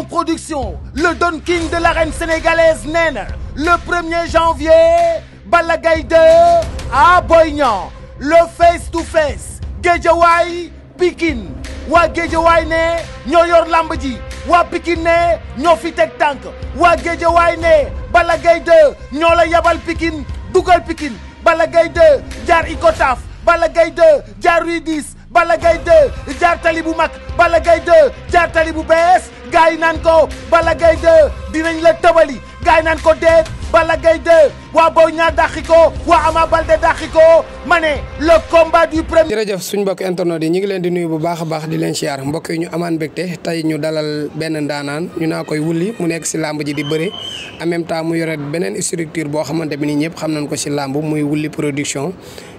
Gaston Production le Don King de l'arène sénégalaise nee na le premier janvier Balla Gaye 2 à Boy Niang le face to face Guédiawaye Pikine waa Guédiawaye ne ñoo yor lamb ji waa Pikine ne ñoo teg tànk waa Guédiawaye ne Balla Gaye 2 ñoo la yabal Pikine dugal Pikine Balla Gaye 2 Ikotaf Balla Gaye 2 Balla Gaye 2 jaar bu mag Balla Gaye 2 jaar bu bees gars yi naan ko Balla Gaye 2 dinañ la tëbali gars yi naan ko déet Balla Gaye 2 waa Boy Niang dàqi ko waa Ama Baldé dàqi ko ma ne le combat du premier. jërëjëf suñ mbokk internet yi ñu ngi leen di nuyu bu baax a baax di leen siyaar mbokk yi ñu amaan mbégte tey ñu dalal benn ndaanaan ñu naa koy wulli mu nekk si làmb ji di bëre en même temps mu yore beneen structure boo xamante bi nii ñëpp xam nañ ko si lamb muy wulli production.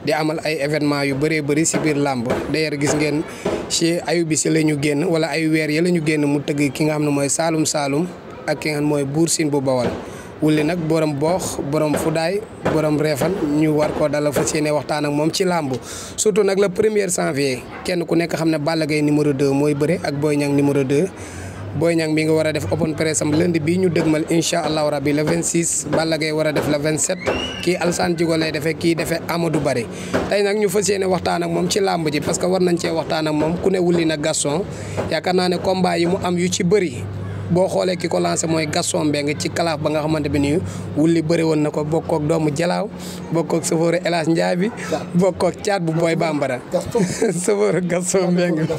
di amal ay événement yu bëree bëri si biir làmb d'ailleurs gis ngeen ci ayu bis yi la ñu génn wala ay weer yi la ñu génn mu tëgg ki nga xam ne mooy Saalum Saalum ak ki mooy Buur Siin bu Bawal wulli nag borom boox borom fudaay borom reefan ñu war koo dala fas yéene waxtaan ak moom ci làmb surtout nag la première janvier kenn ku nekk xam ne Balla Gaye numéro 2 mooy bëre ak booy Niang numéro 2 booy Niang bi nga war a def open press am lundi bii ñu dëgmal incha allahu rabi le 26 Balla gay war a def le 27 kii Alsane Djigo lay defee kii ama Amadou Bari tey nag ñu fas yéene waxtaan ak moom ci làmb ji parce que war nañ cee waxtaan ak moom ku ne wulli na Gaston yaakaar naa ne combat yi mu am yu ci bëri boo xoolee ki ko lancé mooy Gaston Mbengue ci kalaaf ba nga xamante bi nii wulli bëri woon na ko bokk doomu Jalaaw bokk ak sofóoru El Hadj bi bokk caat bu booy bambara sofóoru Gaston Mbengue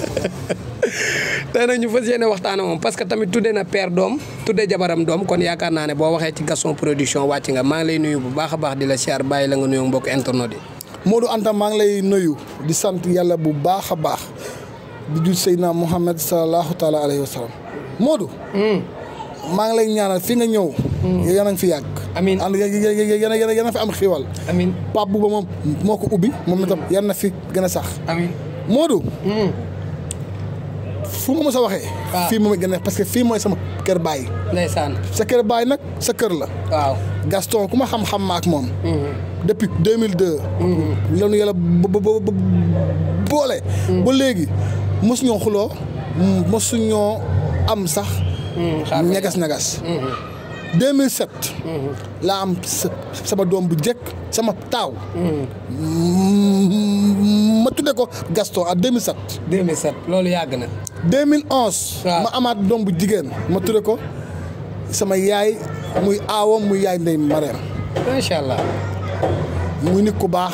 tey nag ñu fas yéene waxtaana moom parce que tamit tuddee na père doom tuddee jabaram doom kon yaakaar naa ne boo waxee ci gason Production wàcc nga maa ngi lay nuyu bu baax a baax di la siyaar bàyyi la nga nuyoo mbokk internet yi Modou Anta maa ngi lay nuyu di sant yàlla bu baax a baax di jul Seydina Mouhamed salallaahu taala alayhi wa sallam Modou. Hmm. maa ngi lay ñaanal fi nga ñëw. yéen a ngi fi yàgg. amiin ànd yéen a a fi am xiiwal. amiin bu Bouba moom moo ko ubbi moom itam hmm. yal na fi gën a sax. amiin Modou. Hmm. fu ma mos a waxee. Ah. fii moom gën a parce que fii mooy sama kër baay. ndeysaan sa kër baay nag sa kër la. waaw Gaston ku ma xam-xam ma ak moom. depuis 2002. la boole. ba léegi mosu ñoo xuloo mosu ñoo. am sax. Hmm, ñagas ñagas. 2007. Hmm. Hmm. laa am sama doom bu njëkk sama taaw. ma tuddee ko Gaston à 2007. 2007 loolu yàgg na. 2011. Ah. ma amaat doom bu jigéen ma tuddee ko sama yaay muy aawam mu yaay ndey mareem. macha allah. muy nit ku baax.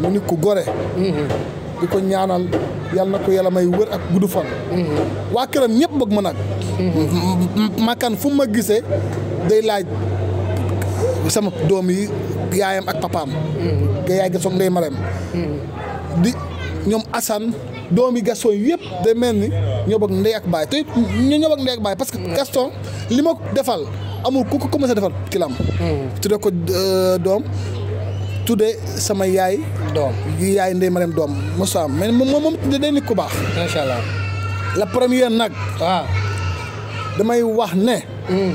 mu nit ku gore. di ko ñaanal. yàlla na ko yàlla may wër ak gudd fan. Mhm. waa këram ñëpp bëgg ma nag. Mhm. makan fu ma gisee day laaj sama doom yi yaayam ak papaam. nga mhm. yaay Gaston Ndeye Marème. di ñoom Assane doom yi Gaston yëpp day mel ni ñoo bëgg ndey ak baay te ñu ñoo bëgg ndey ak baay parce que Gaston li ma defal amul ku ko commencé defal kilam. tuddee ko euh, doom. tuddee sama yaay. doom yi yaay Ndeye Marème doom Moussa mais moom moom tuddee day nit ku baax. macha allah la première nag. waaw ah. damay wax ne. Mm.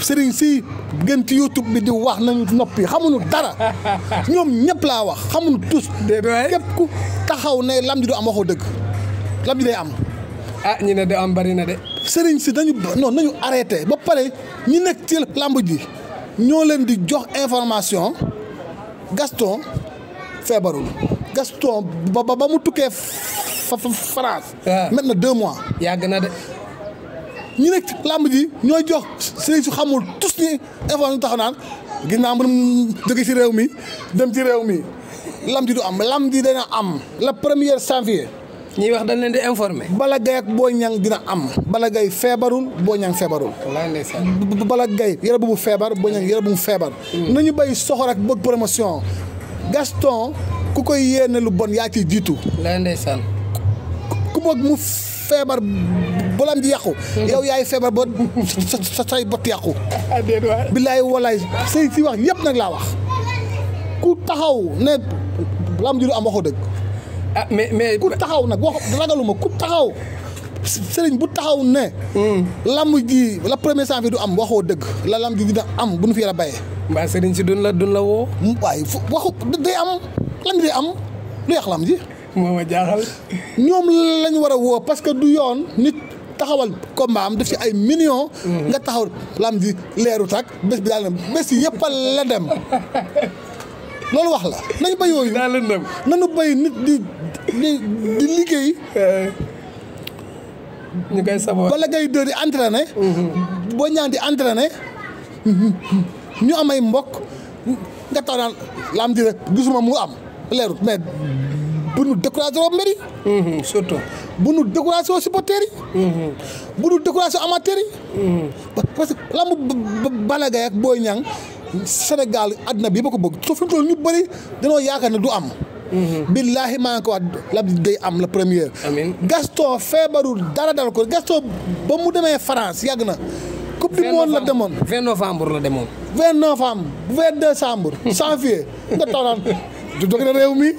sëriñ si gën ci YouTube bi di wax nañu noppi xamuñu dara ñoom ñëpp laa wax xamuñu tous. képp ku taxaw ne lam ji du am waxoo dëgg lam ji day am. ah ñu ne de am bari na de. sëriñ si dañu non nañu arrêté ba pare ñi nekk ci làmb ji ñoo leen di jox information. Gaston feebarul Gaston ba ba mu tukkee France. Ah. met na deux mois. yàgg na de. ñu nekk làmb ji ñooy jox sëriñ su xamul tous ni info ñu taxaw naan gis naa mën jóge ci réew mi dem ci réew mi làmb ji du am làmb ji dana am. la première janvier. ñuy wax dañ leen di informer. bala Gaye ak Boy Niang dina am. bala gay feebarul boo Niang feebarul. Balla Gaye yara bu mu feebar Boy Niang bu feebar. Mm. nañu béy soxor ak bëgg promotion. Gaston ku koy yéene lu bon yaa ciy jiitu. ndeysaan. ku bëgg mu feebar bolam ji yàqu. Mm. yow yaay feebar ba sa say bot yàqu. Ah, billaay walaay say si wax yëpp nag laa wax. ku taxaw ne lam ji lu am waxu dëgg. ah mais mais ku taxaw nag wax ragaluma ku taxaw sëriñ bu taxaw ne. Hmm. lamb ji la premier sang du am waxoo dëgg la lamb ji dina am bu nu fi yàlla bayee. mbaa sëriñ si duñ la duñ la woo. Hmm, waaye fu waxu day am lan day am lu yàq lamb ji. moo ma jaaxal. ñoom lañu war a woo parce que du yoon nit taxawal kombaam def ci ay millions. Hmm. nga taxaw lamb ji leeru tak bés bi daal na bés yi la dem loolu wax la nañ ba daal nañu bay nit di. di liggéey. Eh, ñu koy saboon bala ngay boo ñaan di entraîné ñu amay mbokk nga taw naan la am di rek gisuma mu am leerut mais bu nu découragé woo mm-hmm, bu nu découragé woo supporters yi. Mm-hmm. bu nu découragé woo amateurs yi. Mm-hmm. parce que lamb Balla Gaye ak Boy Niang Sénégal àddina bi yëpp ko bëgg soo fi mu ñu bëri danoo yaakaar ne du am. Mm-hmm. billaahi maa ngi ko wax la day am la première. amiin Gaston feebarul dara dal ko Gaston ba mu demee France yàgg na. coupe du monde la demoon 20 novembre la demoon. 20 novembre 20 décembre. janvier nga taw naan jóge na réew mi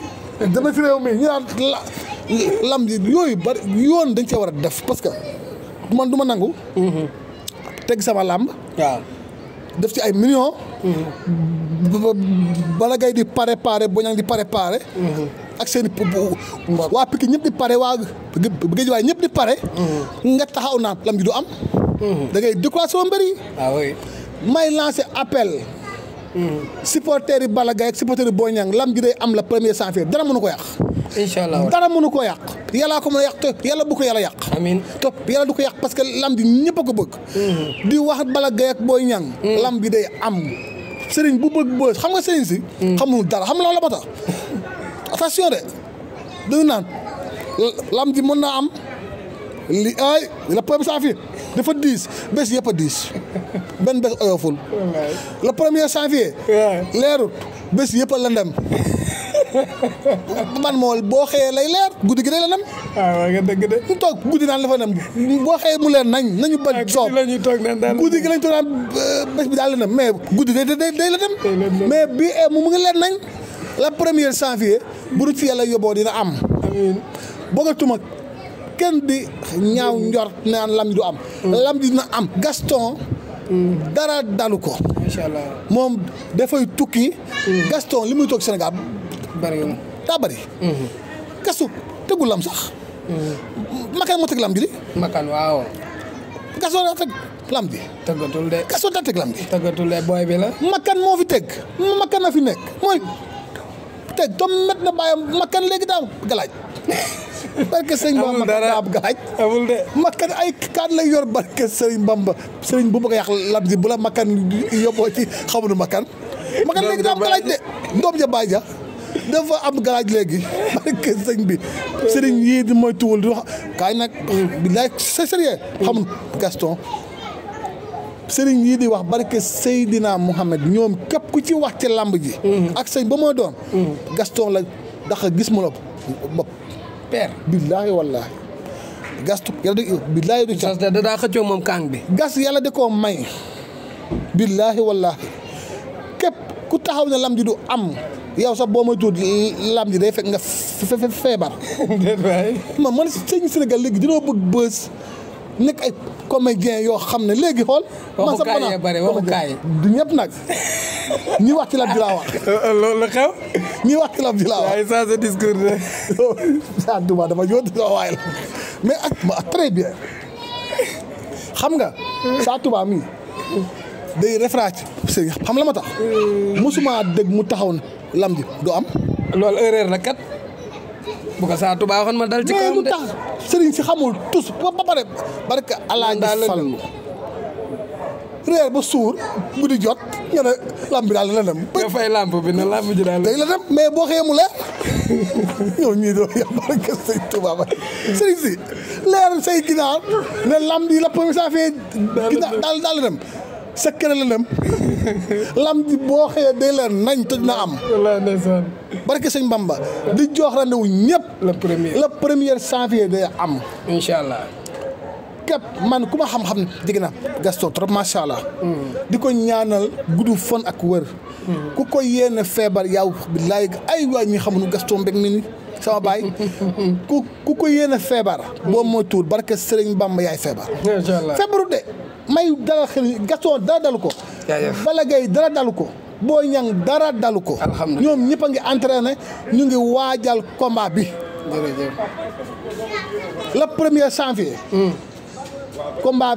dama si réew mi ñu naan la lam ji yooyu bari yoon dañ cee war a def parce que man du ma nangu. Mm-hmm. teg sama làmb. waaw def ci ay million mm-hmm. Balla Gaye di préparé Boy Niang di préparé. ak seen waa Pikine ñëpp di pare waa Guédiawaye ñëpp di pare. Mhm. nga taxaw naan lam ji du am. Mhm. da ngay découragé sama mbër yi. ah oui may lancé appel. Mhm. supporters yi Balla Gaye ak supporters yi Boy lam ji day am la premier sans faute dara ko yàq. incha allah dara mënu ko yàq. yàllaa ko mën yàq yàlla bu ko yàlla yàq. amiin du ko yàq parce que lam bi ñëpp ko bëgg. di wax Balla Gaye ak Boy bi day am. sëriñ bu bëgg bës xam nga sëriñ si. Mm. xamul dara xam la la ba de dañu naan lam ji mën naa am li ay le problème sans dafa diis bés yëpp a diis benn bés oyoful. le premier janvier leerut bés yëpp a lëndëm man moo boo xëyee lay leer guddi gi day la nam. waaw ah, waaw nga dëgg de. ñu toog guddi naan dafa nam boo xëyee mu leer nañ nañu bañ. Ah, soob la ñuy toog naan daal guddi gi lañ toog naan euh, bés bi daal la nam mais guddi day day day la dem. mais bi eh, mu ngi leer nañ la première janvier bu nu fi yàlla yóbboo dina am. bogatuma kenn di ñaaw njor naan lam du am. Mm. lam dina am Gaston. Mm. dara dalu ko. incha allah moom dafay tukki. Mm. Gaston li muy toog Sénégal. bariwul daa bari. kasu tëggul lam sax. makaan moo teg lam ji li. makaan waaw. kaso daa teg lam ji. tëggatul de. kaso daa teg lam ji. tëggatul de booy la. moo fi teg makaan na fi nekk mooy teg tom met na bàyyam makaan léegi daa galaaj. barke sëriñ Bamba daa am gaaj amul de makkan ay kaan lay yor barke sëriñ Bamba sëriñ bu bëgg a yàq lam ji bu la makkan yóbboo ci xamuñu makkan makkan léegi daa am gaaj de doom ja baay dafa am galaaj léegi barke sëñ bi sëriñ yi di mooy di wax kaay nag billaay c'est sérieux Gaston sëriñ yii di wax barke Seydina Mouhamed ñoom képp ku ci wax ci làmb ji mm-hmm. ak sëñ ba mooy doon mm-hmm. Gaston la dax gis mu la bopp père billaahi wallaahi Gaston yàlla de billaahi du bi gastu yàlla da koo may billaahi wallaahi képp ku taxaw ne làmb ji du am yow sax boo may tuut lam day fekk nga feebar. ma waay. man man sëñ Sénégal léegi dinoo bëgg bës nekk ay comédien yoo xam ne léegi xool. man sax mën naa waxukaay du ñëpp nag ñi wax ci lam ji laa wax. loolu la xew. wax ci lam ji laa wax. waaye ça c'est ah, mais ak très bien xam nga. saa Touba mi day référé xam la ma tax. Mm. mosuma dégg mu taxaw na. lam ji du am. loolu erreur la kat bu saa Touba waxoon ma dal ci kawam de. tax sëriñ si xamul tous ba pare barke alaaji Fallu réer ba suur bu di jot nga ne bi daal la dem. nga fay lamp bi ne lamb ji la dem mais boo xeemu mu leer ñoom ñii doon yàlla sëriñ si leer say ginaar ne lamb yi la premier saa fee. daal daal la dem. secret la dem lam ji boo xëyee day leer nañ tëj na am. barke sëñ mbamba di jox rendez-vous ñëpp. le premier le premier janvier day am. incha allah. képp man ku ma xam-xam dégg na Gaston trop macha allah. Mm. di ko ñaanal gudd fon ak wër. Mm. ku ko yéene feebar yow billaay ay waay ñi xamuñu Gaston Mbengue mi ni sama baay ku ku ko yéene feebar. boo moytuwul barke Sëriñ Bamba yaay feebar. feebaru de. may dara xel Gaston dara dalu ko. Balla Gaye dara dalu ko. Boy Niang dara dalu ko. ñoom ñëpp a ngi entraîné ñu ngi waajal combat bi. jërëjëf. le premier janvier.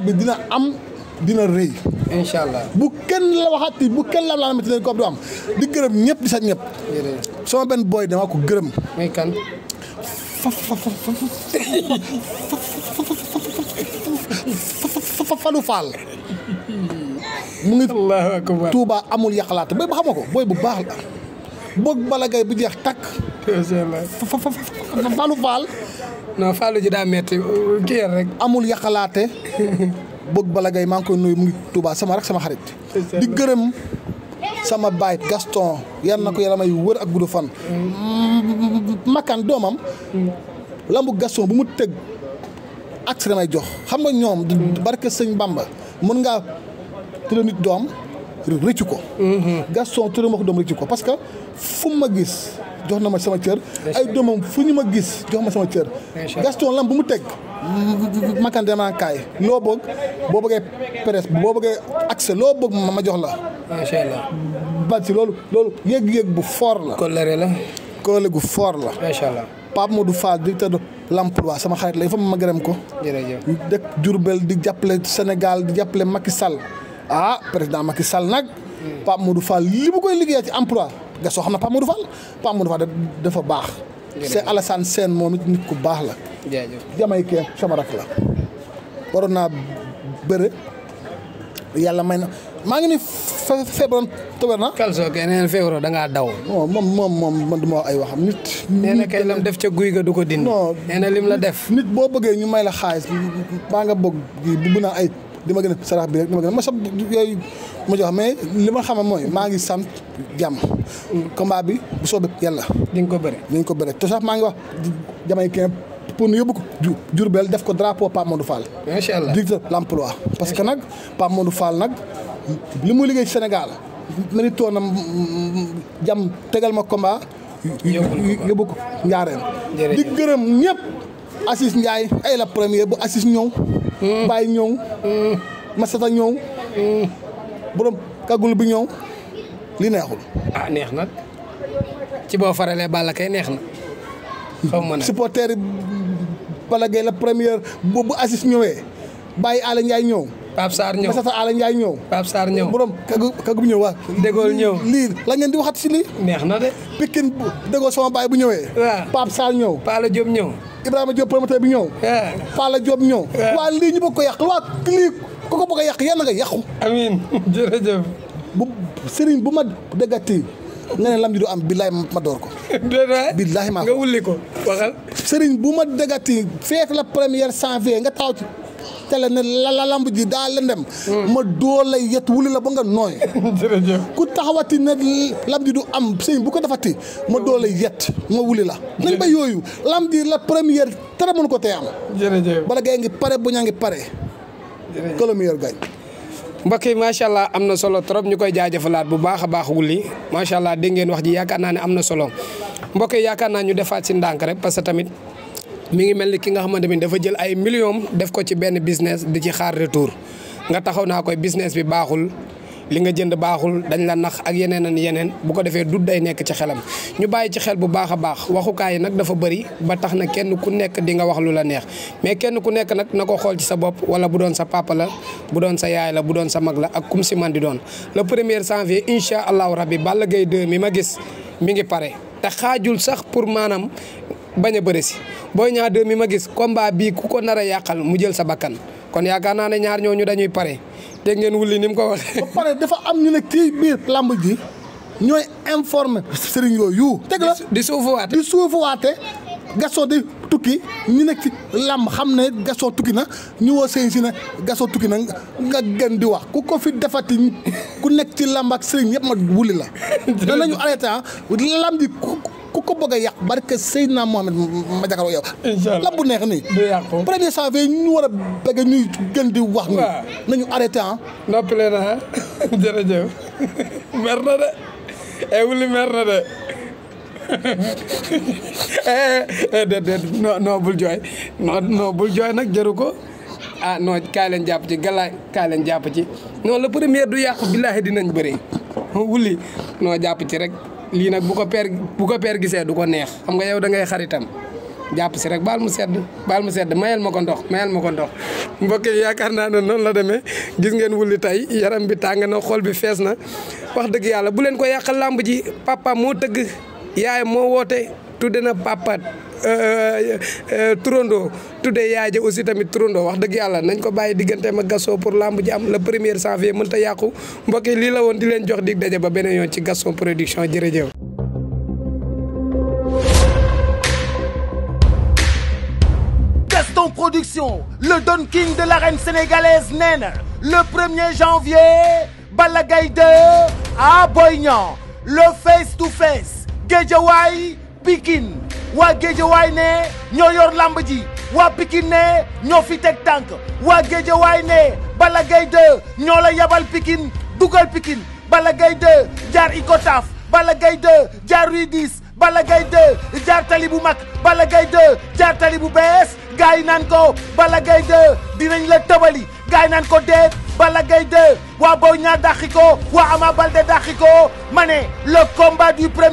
bi dina am dina rëy. incha allah bu kenn la waxati bu kenn la laal ma dinañ ko du am di gërëm ñëpp di sa ñëpp. sama benn booy dama ko gërëm. fa falu faal. mu ngi Touba amul yàqalaat booy bu xamoo ko booy bu baax la. boog bala gay bu jeex takk. fa faal. non faalu ji daa metti kii rek. amul yàqalaate. boog bala gay maa ngi koy nuyu mu ngi Touba sama rek sama xarit. di gërëm sama baay Gaston. yar na ko yaramay wër ak gudd fan. Mm. Makan doomam. Mm. lambu Gaston bu mu tëgg. axe damay jox xam nga ñoom barke sëñ Bamba mun ngaa tëral nit doom rëccu ko mhm. Gaston tëral ma ko doom rëccu ko parce que fu ma gis jox na ma sama cër ay doomam fu ñu ma gis jox ma sama cër Gaston lam bu mu teg makan dama kaay loo bëgg boo bëggee presse boo bëggee accès loo bëgg ma jox la macha allah bat si loolu loolu yéeg yéeg bu foor la kolere la kolere gu fort la macha allah Pape Modou Fall directeur l'emploi sama xarit lay il faut ma gërëm ko. dëkk Diourbel di jàppale Sénégal di jàppale Macky sal ah président Macky sal nag. Hmm. Pape Modou Fall li bu koy liggéeyee ci emploi nga soo xam ne Pape Modou Fall Pape Modou Fall dafa baax. jërëjëf c'est Alassane moom it nit ku baax la. jërëjëf jamay kee sama rak la waroon bëre yàlla may na. maa ngi ni feebaroon te wér na. Kalso kay nee na da ngaa daw. non moom moom moom man ay waxam nit. nee na kay lam def ca guy ga du ko dindi. non nee na lim la def. nit boo bëggee ñu may la xaalis maa nga bëgg bu naa ay di ma gën a sarax bi di ma gën a ma ma jox mais li ma xamal mooy maa ngi sant jàmm. combat bi bu soobee yàlla. di nga ko bëre di nga ko bëre te sax maa ngi wax jamay kenn pour ñu yóbbu ko Diourbel def ko drapeau Pape Modou Fall. macha allah directeur l'emploi parce que nag Pape Modou Fall nag. li mu liggéey Sénégal mérito na jam tegal ma combat. yóbbu ko njaareen di gërëm ñépp Assis Ndiaye ay la première bu Assis ñëw. Mm. Baye ñëw. Mm. Masata ñëw. Mm. borom kagul bu ñëw li neexul. ah neex na ci boo faralee Balla kay neex na. xaw ma nag supporter Balla Gaye la première bu bu Assis ñëwee Baye Alla Ndiaye ñëw. Pape Sarr ñëw Massata Ala Ndiaye ñëw. Pape Sarr ñëw borom kagu kagu bu lii la ngeen di waxat si lii. neex na de. Pikine bu Dégol sama baay bu ñëwee. waaw Pape Sarr ñëw. Paala Diop ñëw. Ibrahima Diop promoteur bi ñëw. Paala Diop ñëw. waa lii ñu bëgg ko yàq waa lii ku ko bëgg a yàq yàlla nga yàqu. amiin a bu Serigne bu ma déggati nga ne lam ji du am billaay ma door ko. billaay ma nga wulli ko waxal. Serigne bu ma déggati feet la première janvier nga taaw ci. télé ne la lamb ji daa lëndëm hmm. ma doo la yet wuli la ba nga nooy ku taxawati ne lamb ji du am sëñ bu ko defati ma doo la yet ma wuli la nañ ba yooyu lamb ji la première tere mënu ko tey am bala gay ngi pare bu ñaa ngi pare que le meilleur gagne mbokk allah am na solo trop ñu koy jaajëfalaat bu baax a baax wulli macha allah dégg ngeen wax ji yaakaar naa ne am na solo mbokk yaakaar naa ñu defaat si ndànk rek parce tamit mi ngi mel ni ki nga xamante ni dafa jël ay millions def ko ci benn business di ci xaar retour nga taxaw naa koy business bi baaxul. li nga jënd baaxul dañ la nax ak yeneen ak yeneen bu ko defee du day nekk ci xelam ñu bàyyi ci xel bu baax a baax waxukaay yi nag dafa bëri ba tax na kenn ku nekk di nga wax lu la neex mais kenn ku nekk nag na ko xool ci sa bopp wala bu doon sa papa bu doon sa yaay la bu doon sa mag la ak kum si man di doon le premier janvier incha allahu rabbi Balla Gaye 2 mi ma gis mi ngi pare te sax pour maanaam bañ a bëri si Boy Niang 2 mi ma gis combat bii ku ko nar a yàqal mu jël sa bakkan kon yaakaar naa ne ñaar ñooñu dañuy pare dégg ngeen wulli ni mu ko waxee. ba pare dafa am ñu ne kii biir lamb ji ñooy informé sëriñ yooyu. dëgg la di suufuwaate di suufuwaate gasoo di tukki ñu nekk ci làmb xam ne gasoo tukki na ñu woo sëriñ si ne gasoo tukki na nga gën di wax ku ko fi defati ku nekk ci làmb ak sëriñ yëpp ma wuli la. danañu arrêté ah làmb ji ku ko bëgg a yàq barke Seydina Mohamed ma jàkkaarloo yow. incha allah bu neex nii. du yàqu premier janvier ñu war a bëgg ñuy gën di wax. waaw nañu arrêté ah. noppi leen ah jërëjëf nag jëru ko ah non kaay jàpp ci gala kaay jàpp ci non le premier du yàqu billaahi dinañ bëri wuli non jàpp ci rek. lii nag bu ko père bu ko père gisee du ko neex xam nga yow da ngay xaritam jàpp si rek baal mu sedd baal mu sedd mayal ma ko ndox mayal ma ko ndox mbokk yaakaar naa ne noonu la demee gis ngeen wulli tey yaram bi tàng na xool bi fees na wax dëgg yàlla bu leen ko yàqal làmb ji papa moo tëgg yaay moo woote tudde na papa Euh, euh, turandoo tuddee yaay ja aussi tamit turandoo wax dëgg yàlla nañ ko bàyyi diggante ma gasto pour lamb ji am la premier janvier mën ta yàqu mbokk yi lii la woon di leen jox di daje ba beneen yoon ci Gaston production jërëjëf. Gaston Production le Don King de l'arène na le 1er janvier Balla Gaye 2 wa waa waay ne ñoo yor làmb ji waa Pikine ne ñoo fi teg tànk waa Géejawaay ne Balla Gaye 2 ñoo la yabal Pikine dugal Pikine Balla Gaye 2 jaar Icotaf Balla Gaye 2 jaar Rue 10 Balla Gaye 2 jaar tali bu mag Balla Gaye 2 jaar tali bu bees gars ko Balla Gaye 2 dinañ la tëbali gars yi ko déet Balla Gaye 2 waa Boy ko waa Ama Baldé dàqi ko ma ne le combat du